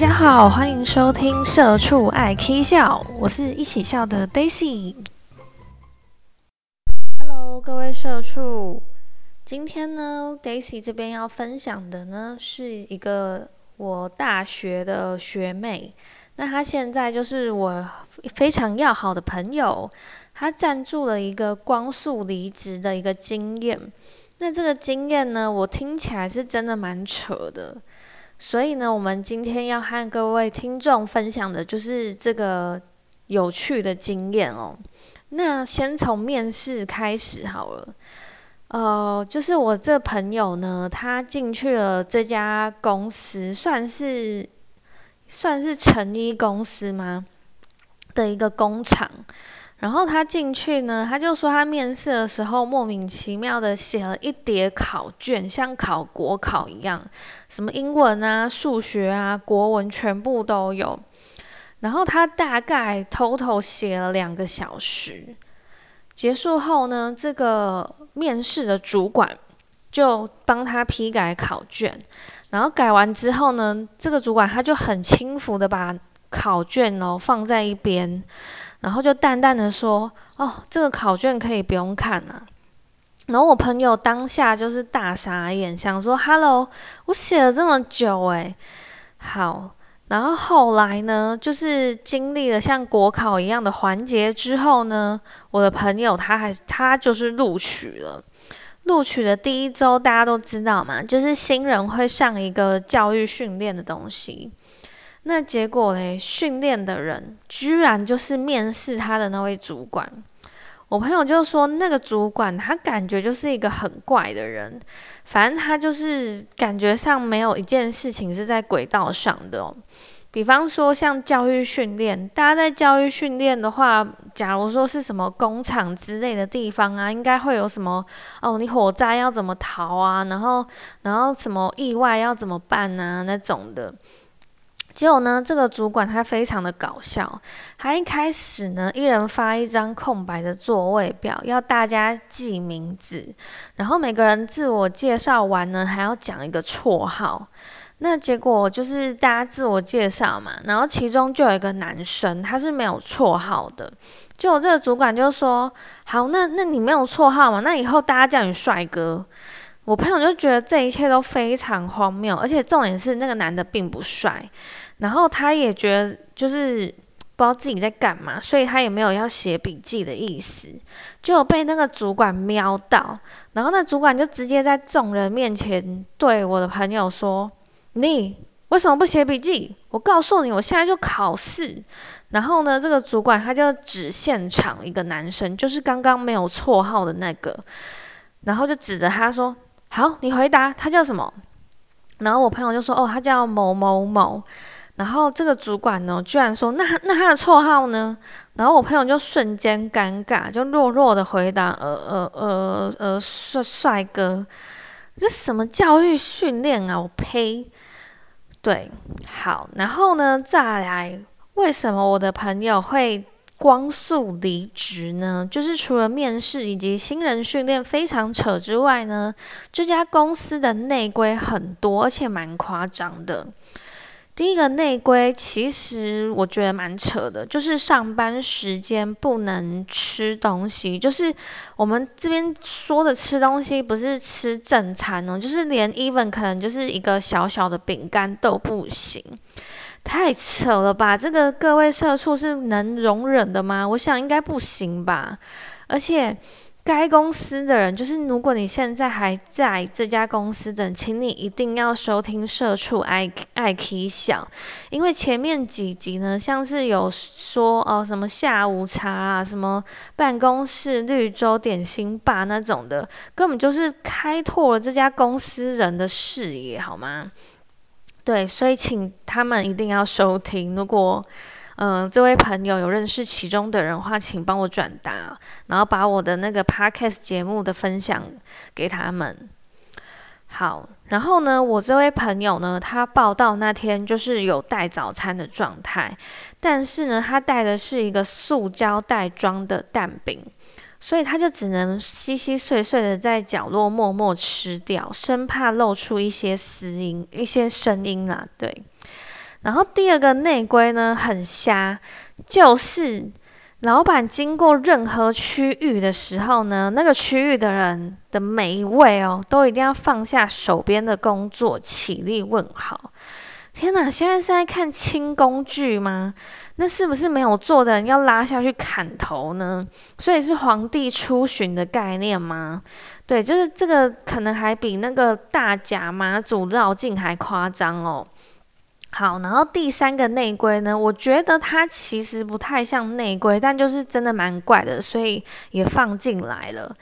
大家好，歡迎收聽《社畜愛 K 笑》，我是一起笑的 Daisy。Hello，各位社畜，今天呢，Daisy 這邊要分享的呢，是一個我大學的學妹，那她現在就是我非常要好的朋友，她贊助了一個光速離職的一個經驗。那這個經驗呢，我聽起來是真的蠻扯的。所以呢，我們今天要和各位聽眾分享的就是這個有趣的經驗哦。那先從面試開始好了，呃，就是我這朋友呢，他進去了這家公司，算是算是成衣公司嗎？的一個工廠。然後他進去呢，他就說他面試的時候莫名其妙的寫了一疊考卷，像考國考一樣，什麼英文啊、數學啊、國文全部都有。然後他大概偷偷寫了兩個小時。結束後呢，這個面試的主管就幫他批改考卷，然後改完之後呢，這個主管他就很輕浮的把考卷哦放在一邊。然後就淡淡的說：“哦，這個考卷可以不用看了。”然後我朋友當下就是大傻眼，想說：“Hello，我寫了這麼久誒，好。”然後後來呢，就是經歷了像國考一樣的環節之後呢，我的朋友他還他就是錄取了。錄取的第一周大家都知道嘛，就是新人會上一個教育訓練的東西。那結果嘞，訓練的人居然就是面試他的那位主管。我朋友就說，那個主管他感覺就是一個很怪的人，反正他就是感覺上沒有一件事情是在軌道上的哦。比方說像教育訓練，大家在教育訓練的話，假如說是什麼工廠之類的地方啊，應該會有什麼哦，你火災要怎麼逃啊？然後，然後什麼意外要怎麼辦啊？那種的。結果呢，這個主管他非常的搞笑。他一開始呢，一人發一張空白的座位表，要大家記名字，然後每個人自我介紹完呢，還要講一個綽號。那結果就是大家自我介紹嘛，然後其中就有一個男生，他是沒有綽號的。就這個主管就說：“好，那那你沒有綽號嘛？那以後大家叫你帥哥。”我朋友就覺得這一切都非常荒謬，而且重點是那個男的並不帥，然後他也覺得就是不知道自己在幹嘛，所以他也沒有要寫筆記的意思，就被那個主管瞄到，然後那主管就直接在眾人面前對我的朋友說：“你為什麼不寫筆記？我告訴你，我現在就考試。”然後呢，這個主管他就指現場一個男生，就是剛剛沒有綽號的那個，然後就指着他說。好，你回答他叫什麼？然後我朋友就說：“哦，他叫某某某。”然後這個主管呢，居然說：“那那他的綽號呢？”然後我朋友就瞬間尷尬，就弱弱的回答：“呃呃呃呃，帥帥哥。”這什麼教育訓練啊！我呸。對，好，然後呢，再來，為什麼我的朋友會？光速離職呢，就是除了面試以及新人訓練非常扯之外呢，這家公司的內規很多，而且蠻誇張的。第一個內規其實我覺得蠻扯的，就是上班時間不能吃東西，就是我們這邊說的吃東西，不是吃正餐哦，就是連 even 可能就是一個小小的餅乾都不行。太扯了吧！這個各位社畜是能容忍的嗎？我想應該不行吧。而且，該公司的人，就是如果你現在還在這家公司等，請你一定要收聽社畜愛愛 K 想，因為前面幾集呢，像是有說哦、呃、什麼下午茶啊，什麼辦公室綠洲點心吧那種的，根本就是開拓了這家公司人的視野，好嗎？對，所以請他們一定要收聽。如果，嗯、呃，這位朋友有認識其中的人話，請幫我轉達，然後把我的那個 podcast 節目的分享給他們。好，然後呢，我這位朋友呢，他報到那天就是有帶早餐的狀態，但是呢，他帶的是一個塑膠袋裝的蛋餅。所以他就只能稀稀碎碎的在角落默默吃掉，生怕露出一些私音、一些聲音啊。對，然後第二個內規呢，很瞎，就是老闆經過任何區域的時候呢，那個區域的人的每一位哦，都一定要放下手邊的工作，起立問好。天吶，啊，現在是在看清宮劇嗎？那是不是沒有做的人要拉下去砍頭呢？所以是皇帝出巡的概念嗎？對，就是這個可能還比那個大甲媽祖繞境還誇張哦。好，然後第三個內規呢？我覺得它其實不太像內規，但就是真的蠻怪的，所以也放進來了。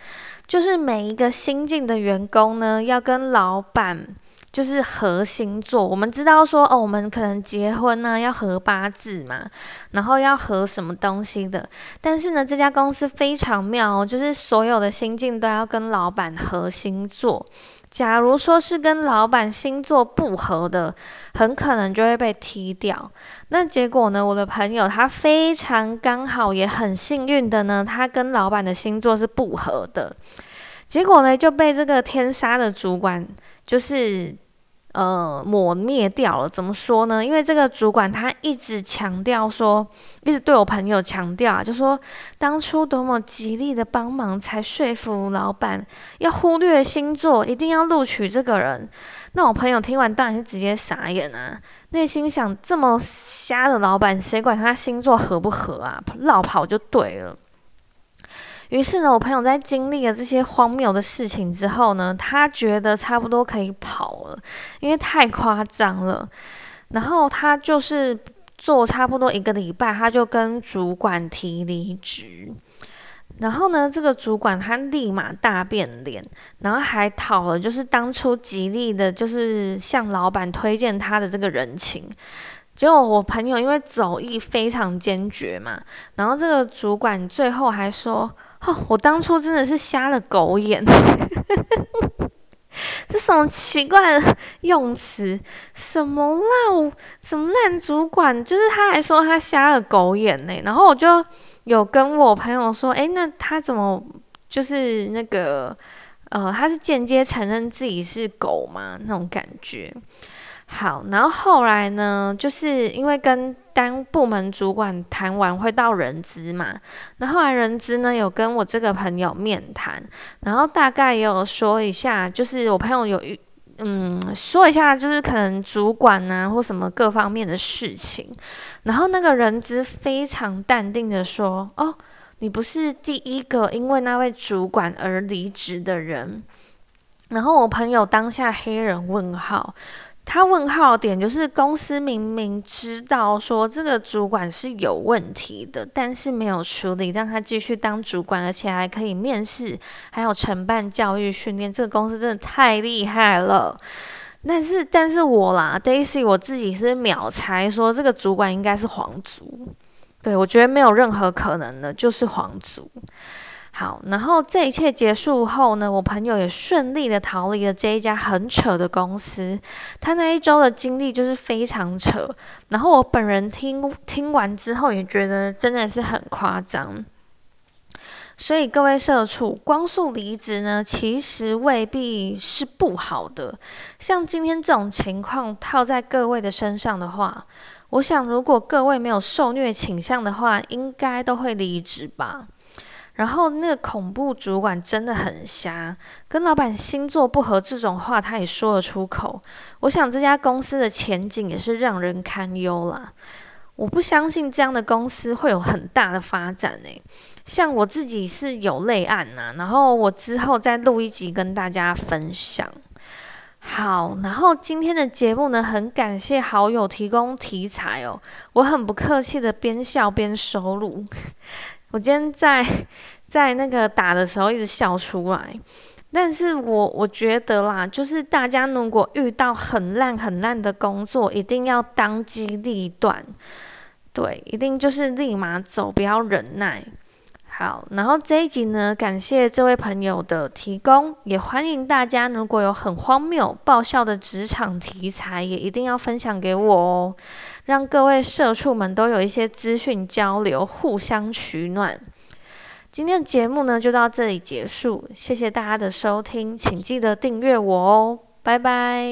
就是每一個新進的員工呢，要跟老闆。就是合星座，我們知道說哦，我們可能結婚呢、啊、要合八字嘛，然後要合什麼東西的。但是呢，這家公司非常妙哦，就是所有的新進都要跟老闆合星座。假如說是跟老闆星座不合的，很可能就會被踢掉。那結果呢，我的朋友他非常剛好也很幸運的呢，他跟老闆的星座是不合的，結果呢就被這個天殺的主管。就是呃抹滅掉了，怎麼說呢？因為這個主管他一直強調說，一直對我朋友強調，啊，就說當初多麼極力的幫忙，才說服老闆要忽略星座，一定要錄取這個人。那我朋友聽完當然是直接傻眼啊，內心想：這麼瞎的老闆，誰管他星座合不合啊？烙跑就對了。於是呢，我朋友在經歷了這些荒謬的事情之後呢，他覺得差不多可以跑了，因為太誇張了。然後他就是做差不多一個禮拜，他就跟主管提離職。然後呢，這個主管他立馬大變臉，然後還討了就是當初極力的，就是向老闆推薦他的這個人情。結果我朋友因為走意非常堅決嘛，然後這個主管最後還說。哦，我當初真的是瞎了狗眼， 這什麼奇怪的用詞？什麼爛，什麼爛主管？就是他還說他瞎了狗眼呢。然後我就有跟我朋友說，誒，那他怎麼就是那個呃，他是間接承認自己是狗嗎？那種感覺。好，然後後來呢，就是因為跟。當部門主管談完，會到人資嘛？那後，後來人資呢，有跟我這個朋友面談，然後大概也有說一下，就是我朋友有嗯說一下，就是可能主管啊或什麼各方面的事情。然後那個人資非常淡定的說：“哦，你不是第一個因為那位主管而離職的人。”然後我朋友當下黑人問號。他問號點就是公司明明知道說這個主管是有問題的，但是沒有處理，讓他繼續當主管，而且還可以面試，還有承辦教育訓練。這個公司真的太厲害了。但是，但是我啦，Daisy，我自己是秒猜說這個主管應該是皇族。對，我覺得沒有任何可能的，就是皇族。好，然後這一切結束後呢，我朋友也順利的逃離了這一家很扯的公司。他那一周的經歷就是非常扯，然後我本人聽聽完之後也覺得真的是很誇張。所以各位社畜，光速離職呢，其實未必是不好的。像今天這種情況套在各位的身上的話，我想如果各位沒有受虐傾向的話，應該都會離職吧。然後那個恐怖主管真的很瞎，跟老闆星座不合這種話他也說得出口。我想這家公司的前景也是讓人堪憂啦。我不相信這樣的公司會有很大的發展欸。像我自己是有類案吶，然後我之後再錄一集跟大家分享。好，然後今天的節目呢，很感謝好友提供題材哦，我很不客氣的邊笑邊收錄。我今天在在那個打的時候一直笑出來，但是我我覺得啦，就是大家如果遇到很爛很爛的工作，一定要當機立斷，對，一定就是立馬走，不要忍耐。好，然後這一集呢，感謝這位朋友的提供，也歡迎大家如果有很荒謬、爆笑的職場題材，也一定要分享給我哦，讓各位社畜們都有一些資訊交流，互相取暖。今天的節目呢，就到這裡結束，謝謝大家的收聽，請記得訂閱我哦，拜拜。